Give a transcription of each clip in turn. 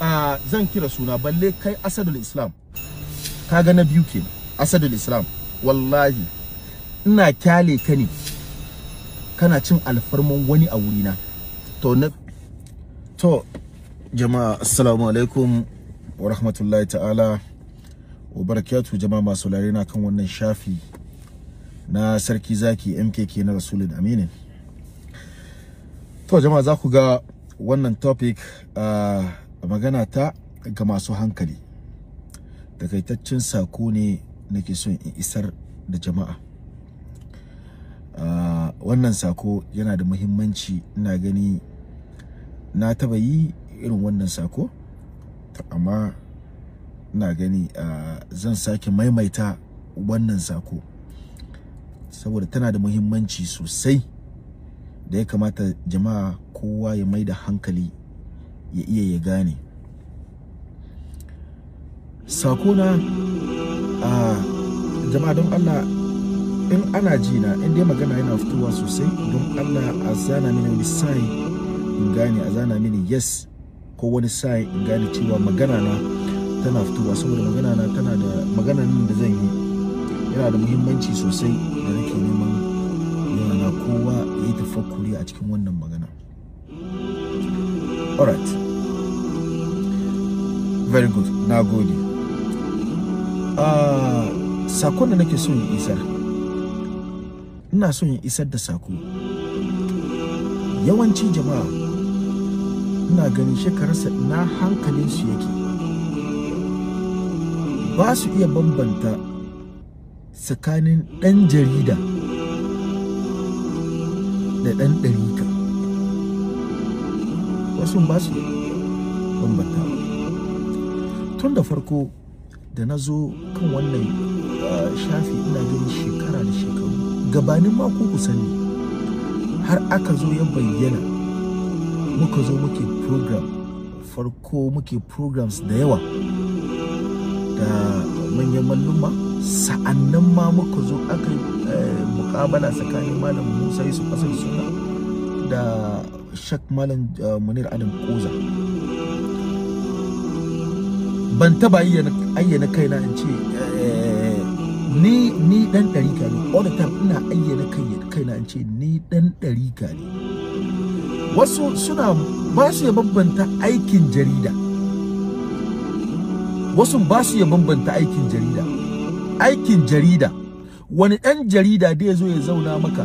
a zan kira suna balle kai asadul islam kaga na biyu ke asadul islam wallahi ina kyale ka ne kana cin alfarman wani a wurina to na to jama'a assalamu alaikum wa rahmatullahi ta'ala wa barakatu jama'a masu na kan wannan shafi na sarki zaki mkk na rasulun aminin to jama'a za ku ga wannan topic uh, magana ta ga masu hankali takaitaccen sako ne nake son in isar da jama'a uh, wannan sako yana da muhimmanci ina gani na taba yi irin wannan sako amma ina gani uh, zan sake maimaita wannan sako saboda tana da muhimmanci sosai da ya kamata jama'a kowa ya mai da hankali ya iya ya gane sakona a jama'a don allah in ana jina in dai magana yana fitowa sosai don allah a zana mini wani sai in gane a zana mini yes ko wani sai in gane cewa magana na tana fitowa saboda magana na tana da magana da zan yi yana da muhimmanci sosai da nake neman yana kowa ya yi tafakkuri a cikin wannan magana alright very good na gode ah, sakon da nake so in isar ina so isar da sako yawanci jama'a ina ganin shekararsa na su yake ba su iya bambanta tsakanin ɗan jarida da ɗan ɗarika wasu ba su bambanta tun da farko da na zo kan wannan ah, shafi ina ganin shekara da shekaru gabanin mako ku sani har aka zo ya bayyana muka zo muke program farko muke programs da yawa da manyan malluma sa'annan ma muka zo aka yi eh, mukabala tsakanin malam musa yusuf asali suna da shak malam eh, munir adam kuza ban taba ayyana kaina in ce eh, ni ni dan dariƙa ne all the time ina ayyana kaina in ce ni dan dariƙa ne wasu suna ba su ya bambanta aikin jarida wasu ba su ya bambanta aikin jarida aikin jarida wani ɗan jarida da ya zo ya zauna maka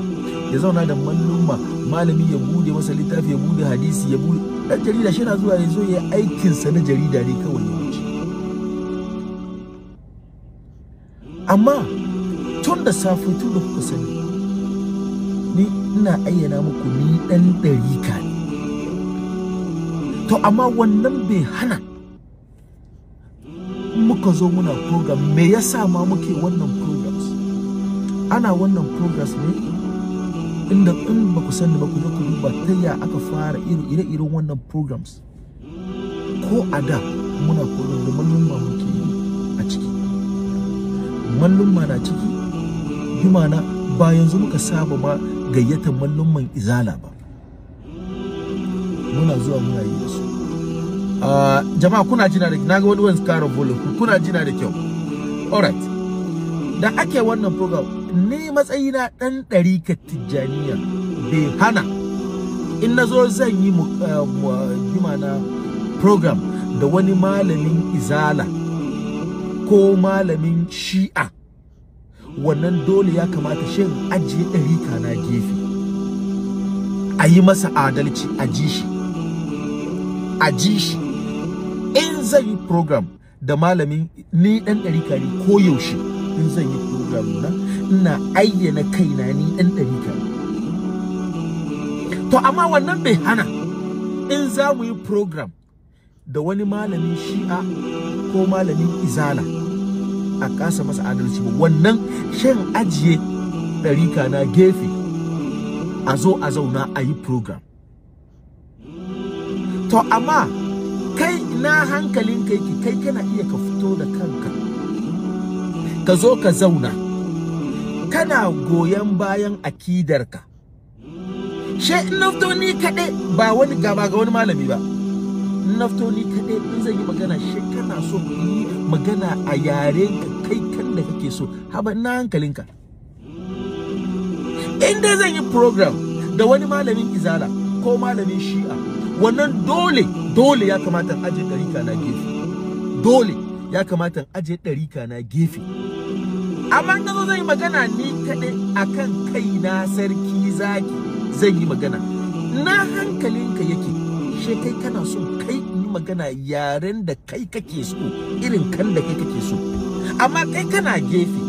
ya zauna da mallo al'umma malami ya bude masa littafi ya bude hadisi ya bude dan jarida shi na zuwa ya yi sa aikinsa na jarida ne kawai amma tun da safe tun da kuka sani ni ina ayyana muku ni dan ɗarika ne to amma wannan bai hana muka zo muna program me yasa ma muke wannan programs ana wannan programs ne inda in ba ku sani ba ku zo ku duba ta ya aka fara iri ire-iren wannan programs ko a da muna koyar da ma muke yi a ciki ma na ciki bi mana ba yanzu muka saba ma gayyatar man izala ba muna zuwa muna yi da su ah, jama'a kuna jina da na ga wani wani karin volume kuna jina da kyau alright da ake wannan program ni matsayina ɗan ɗarikar tijjaniya bai hana in na zo zan yi gima eh, na program da wani malamin izala ko malamin shi'a wannan dole ya kamata shin ajiye ɗari na gefe a yi masa adalci a ji shi a shi in zan yi program da malamin ni ɗan ɗari ne ko yaushe in zan yi program na ina ayyana kaina ni ɗan ɗarika to amma wannan bai hana in za mu yi program da wani malamin shi'a ko malamin izala a kasa masa adalci ba wannan shan ajiye ɗarika na gefe a zo a zauna a yi program to amma kai na hankalin kai kai kana iya ka fito da kanka ka zo ka zauna kana goyon bayan akidarka she in nafto kaɗai ba wani gaba ga wani malami ba in nafto kaɗai in zan yi magana she kana so yi magana a yare ka kai kan da kake so haba na hankalinka in dai zan yi program da wani malamin izala ko malamin shi'a wannan dole dole ya kamata aje ɗarika na gefe dole ya kamata aje ɗarika na gefe amma na zo zan yi magana ni kaɗai akan kaina sarki zaki zan yi magana na hankalinka yake she kai kana so kai yi magana yaren da kai kake so irin kan da kai kake so amma kai kana gefe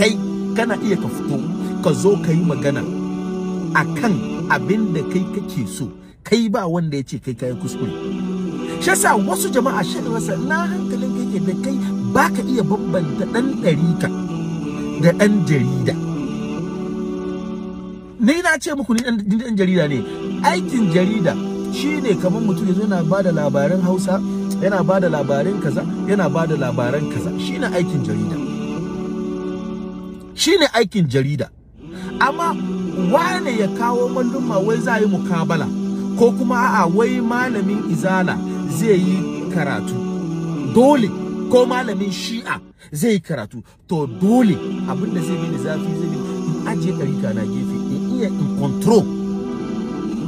kai kana iya ka fito ka zo ka yi magana akan abin da kai kake so kai ba wanda ya ce kai kayi kuskure shi wasu jama'a shi rasa na hankalin kai-kai da kai ba ka iya bambanta ɗan ɗarika da ɗan jarida ni na ce muku ni ɗan jarida ne aikin jarida shine kamar mutum ya zo yana ba da labarin hausa yana ba da labarin kaza yana ba da labaran kaza shine aikin jarida shine aikin jarida amma wane ya kawo malluma wai za a yi mukabala ko kuma a'a wai malamin izala zai yi karatu dole ko malamin shi'a zai yi karatu to dole abin da zai bi ni zafi zai bi in ajiye ɗari na gefe in iya in control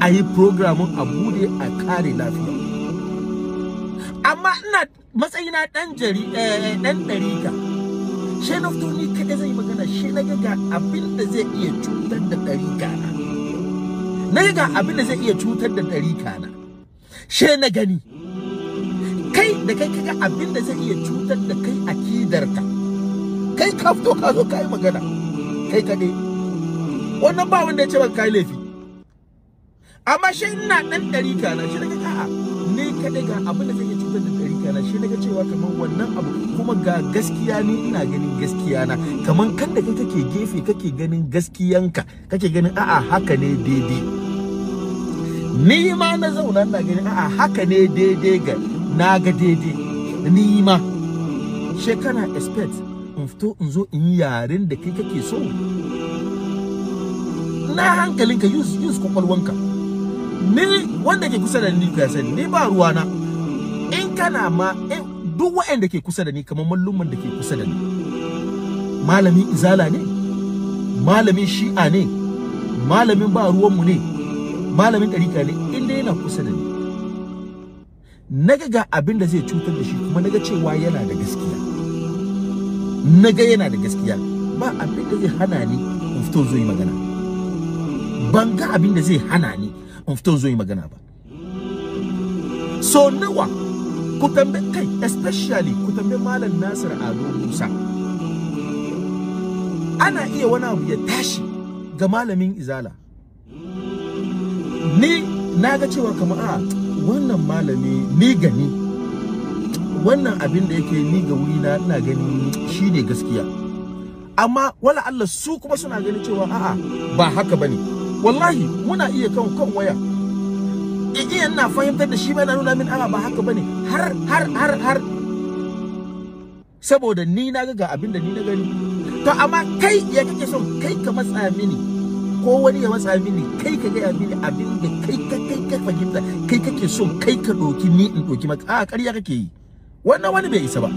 a yi programin a bude a kare lafiya amma ina matsayina ɗan jari eh, ɗan ɗarika shi na fito ni kaɗai zai magana shi na gaga abin da zai iya cutar da ɗari na na gaga abin da zai iya cutar da ɗari na shi na gani da kai kaga abin da zai iya cutar da kai akidarka kai ka fito ka zo kai magana kai kaɗai wannan ba wanda ya ce ba kai laifi amma shi ina ɗan ɗari kana shi daga a'a ni kaɗai ga abin da zai iya cutar da ɗari kana shi daga cewa kamar wannan abu kuma ga gaskiya ni ina ganin gaskiya na kamar kan da kai kake gefe kake ganin gaskiyanka kake ganin a'a haka ne daidai ni ma na zauna ina ganin a'a haka ne daidai ga na ga daidai ni ma she kana expect in fito in zo in yi yaren da kai kake so na ka use use kwakwalwanka ni wanda ke kusa da ni ka ni ba ruwa na in kana ma duk waɗanda ke kusa da ni kamar malluman da ke kusa da ni malamin izala ne malamin shi'a ne malamin ba ruwanmu ne malamin ɗarika ne inda yana kusa da ni naga ga abin da zai cutar da shi kuma naga cewa yana da gaskiya naga yana da gaskiya ba abin da zai hana ni in fito zo yi magana ban ga abin da zai hana ni in fito zo yi magana ba so nawa ku tambaye kai especially ku tambaye malam Nasir Ado Musa ana iya wani abu ya tashi ga malamin izala ni na ga cewa kamar a ah, wannan malami ni gani wannan abin da yake ni ga wuri na ina gani shine gaskiya amma wala Allah su kuma suna gani cewa a'a ba haka bane wallahi muna iya kan kan waya idan yana fahimtar da shi na nuna min a'a ba haka bane har har har har saboda ni na ga abin da ni na gani to amma kai ya kake son kai ka matsa mini ko wani ya matsa mini kai ka gaya mini abin da kai ka kai ka fahimta kai kake so kai ka ɗoki ni in ɗoki maka a ƙarya kake yi wannan wani bai isa ba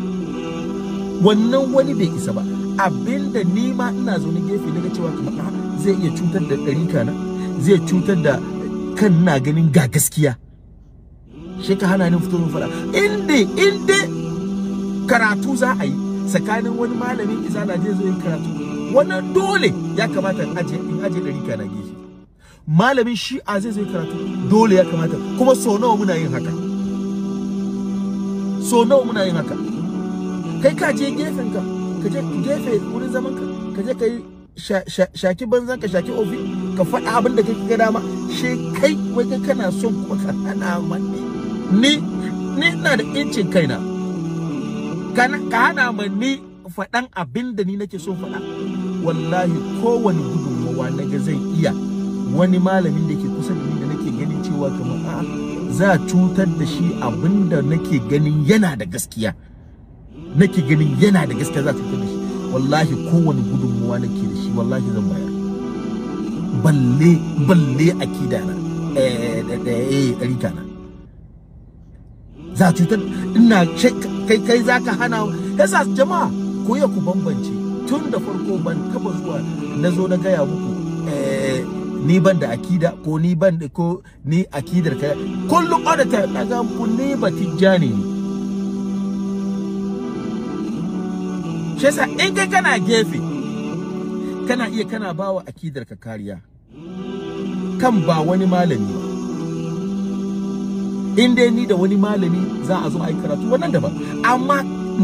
wannan wani bai isa ba abin da ni ma ina zaune gefe na ga cewa kamar zai iya cutar da ɗari na zai cutar da kan na ganin ga gaskiya shi ka hana ni fito min fara inda inda karatu za a yi tsakanin wani malamin isa da zai zo yin karatu wannan dole ya kamata in aje in aje ɗari kana gishi malamin a zai zai karatu dole ya kamata kuma so nawa muna yin haka so nawa muna yin haka kai ka je gefen ka ka je gefe wurin zaman ka ka je kai shaki banzan ka shaki ofi ka faɗa abin da kake ga dama she kai wai kai kana son kuma ka hana manni ni ni ina da incin kaina ka hana manni faɗan abin da ni nake son faɗa wallahi kowane gudunmawa na ga zai iya wani malamin da ke kusa da ni da nake ganin cewa kamar a za cutar da shi abin da nake ganin yana da gaskiya nake ganin yana da gaskiya za a cutar da shi wallahi kowane gudunmawa na ke da shi wallahi zan bayar balle balle akida na eh eh ɗarika na za cutar ina kai kai ka hana yasa jama'a ku ya ku bambance tun da farko ban taba zuwa na zo na gaya muku eh, ni ban da akida ko ni ban da ko ni akidar ka kullum all the time ga ku ne ba tijjani ne shi in kai kana gefe kana iya kana bawa akidar ka kariya kan ba wani malami in dai ni da wani malami za a zo a yi karatu wannan daban amma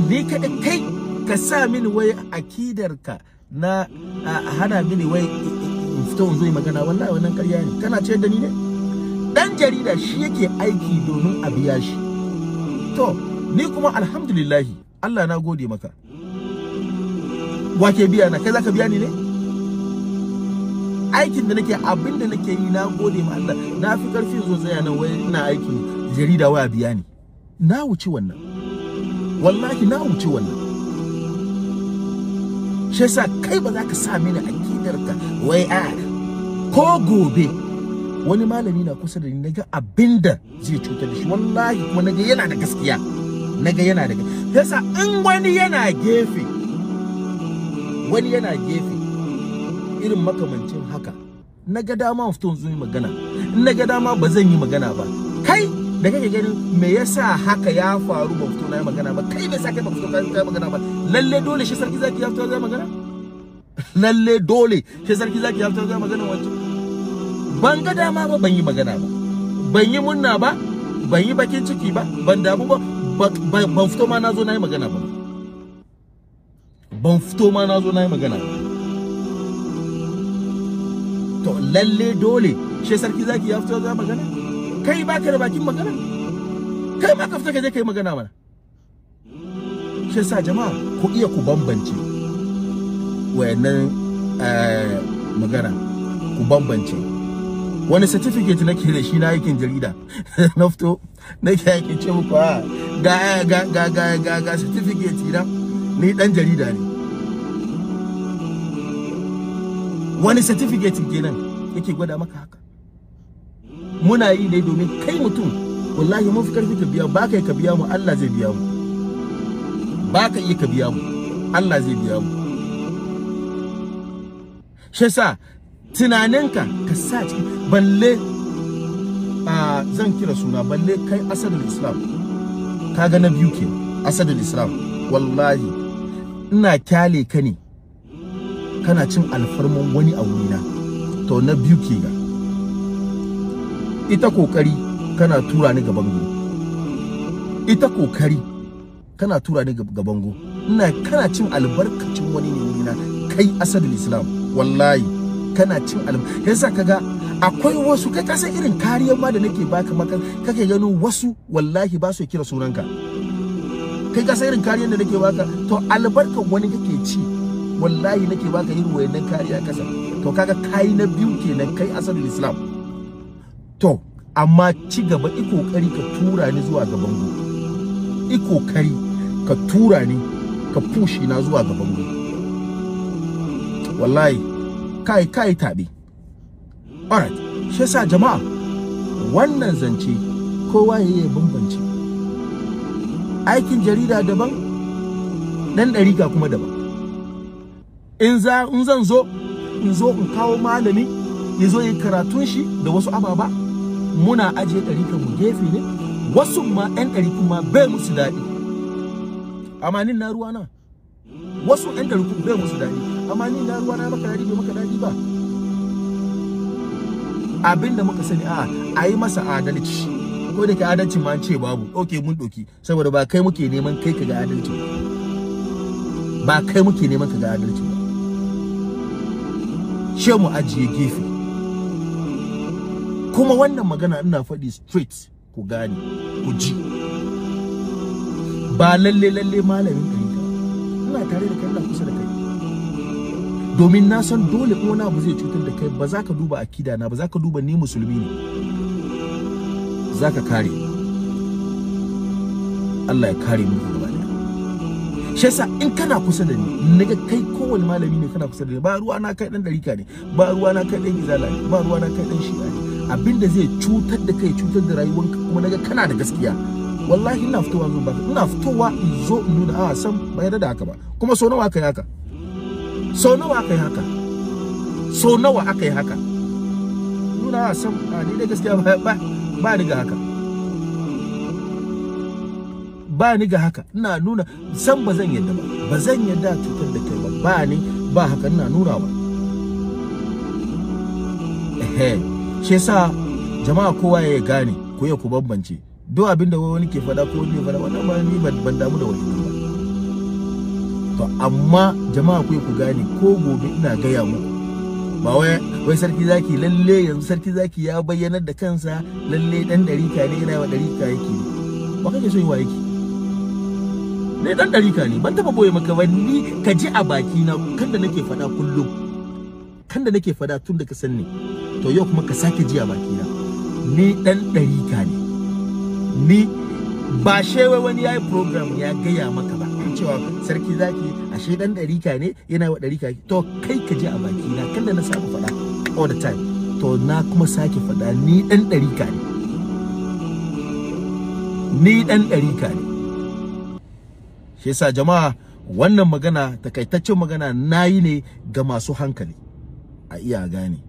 ni kaɗai kai ka sa mini wai akidarka na hana mini wai in fito in zo yi magana wallahi wannan karya ne kana ce da ni ne dan jarida shi yake aiki domin a biya shi to ni kuma alhamdulillahi Allah na gode maka wake biya na kai zaka biya ni ne aikin da nake abin da nake yi na gode ma Allah na fi karfi zo tsaya nan wai ina aiki. jarida waya biya ni na wuce wannan wallahi na wuce wannan shi yasa kai ba za ka sa mini akidar ka wai a ko gobe wani malami na kusa da ni naga abinda zai cutar da shi wallahi kuma naga yana da gaskiya naga yana da yasa in wani yana gefe wani yana gefe irin makamancin haka naga dama fito zan yi magana naga dama ba zan yi magana ba kai da kake gani me yasa haka ya faru ba fito na magana ba kai me yasa kai ba fito ka magana ba lalle dole shi sarki zaki ya fito zai magana lalle dole shi sarki zaki ya fito zai magana wato ban ga dama ba ban yi magana ba ban yi munna ba ban yi bakin ciki ba ban damu ba ban fito ma na zo na yi magana ba ban fito ma na zo na yi magana to lalle dole shi sarki zaki ya fito zai magana kai ba ka da bakin magana kai ma ka fita ka je kai magana mana shi sa jama'a ku iya ku bambance wayannan eh, magana ku bambance wani certificate nake da shi na aikin jarida na fito nake aikin ce muku ah, ga ga ga ga ga ga certificate na ni dan jarida ne wani certificate kenan yake gwada maka haka muna yi ne domin kai mutum wallahi mun fi karfi ka biya ba kai ka biya mu Allah zai biya mu ba ka yi ka biya mu Allah zai biya mu shi yasa tunaninka ka sa cikin balle a zan kira suna balle kai asadul islam ga na biyu ke asadul islam wallahi ina kyale ka ne kana cin alfarman wani a wurina to na biyu ke ga ita kokari kana tura ni gaban go ita kokari kana tura ni gaban go ina kana cin albarkacin wani ne wurina kai asadul islam wallahi kana cin albarkacin yasa kaga akwai wasu kai kasan irin kariyar ma da nake baka maka kake gano wasu wallahi ba su kira sunanka kai kasan irin kariyar da nake baka to albarkar wani kake ci wallahi nake baka irin wayannan kariya kasa to kaga kai na biyu kenan kai asadul islam to amma ci gaba i kokari ka tura ni zuwa gaban go i kokari ka tura ni ka pushi na zuwa gaban go wallahi kai kai tabi alright shi yasa jama'a wannan zance kowa yayi bambance aikin jarida daban dan ɗariga kuma daban in za in zan zo in zo in kawo malami ya zo yi karatun shi da wasu ababa muna ajiye ɗarikan mu gefe ne wasu ma 'yan ɗari kuma bai musu daɗi amma nin na ruwa na wasu 'yan ɗari kuma bai musu daɗi amma ni na ruwa na maka daɗi bai maka daɗi ba abin da muka sani a a yi masa adalci ko da ke adalcin ma ce babu ok mun ɗoki saboda ba kai muke neman kai ka ga adalci ba kai muke neman ka ga adalci ba ce mu ajiye gefe kuma wannan magana ina faɗi straight ku gane ku ji ba lalle lalle malamin ka. ina tare da kai ina kusa da kai domin na san dole ko na abu zai cutar da kai ba za ka duba akida na ba za ka duba ni musulmi ne za ka kare Allah ya kare mu gaba ɗaya shi yasa in kana kusa da ni naga kai kowane malami ne kana kusa da ni ba ruwa na kai dan ɗarika ne ba ruwa na kai dan izala ne ba ruwa na kai dan shi'a ne abinda zai cutar da kai cutar da rayuwanka kuma naga kana da gaskiya wallahi ina fitowa zo ba ina fitowa in zo in nuna a ah, san ba yarda da haka ba kuma so nawa aka yi haka so nawa aka yi haka so nawa aka yi haka nuna a ah, san a ah, ni da gaskiya ba ba ba ni ga haka ba ni ga haka ina nuna san ba zan yadda ba ba zan yadda cutar da kai ba ba ni ba haka ina nuna ba Hey. shi yasa jama'a kowa ya gane ko ya ku bambance duk abinda wani ke fada ko wani fada wannan ba ni ban damu da wani ba to amma jama'a ku ku gane ko gobe ina gaya muku ba wai wai sarki zaki lalle yanzu sarki zaki ya bayyanar da kansa lalle dan dariƙa ne yana wa ɗarika yake ba kake so yi wa yake ne dan dariƙa ne ban taba boye maka ba ni ka ji a baki na kan da nake fada kullum kan da nake fada tun da ka san to yau kuma ka sake ji a bakina ni dan ka ne ni ba wai wani ya yi program ya gaya maka ba cewa sarki zaki ashe dan ka ne yana wa ɗarika to kai ka ji a bakina kan da na saba faɗa all the time to na kuma sake faɗa ni dan ka ne ni dan ka ne shi yasa jama'a wannan magana takaitaccen magana nayi ne ga masu hankali a iya gane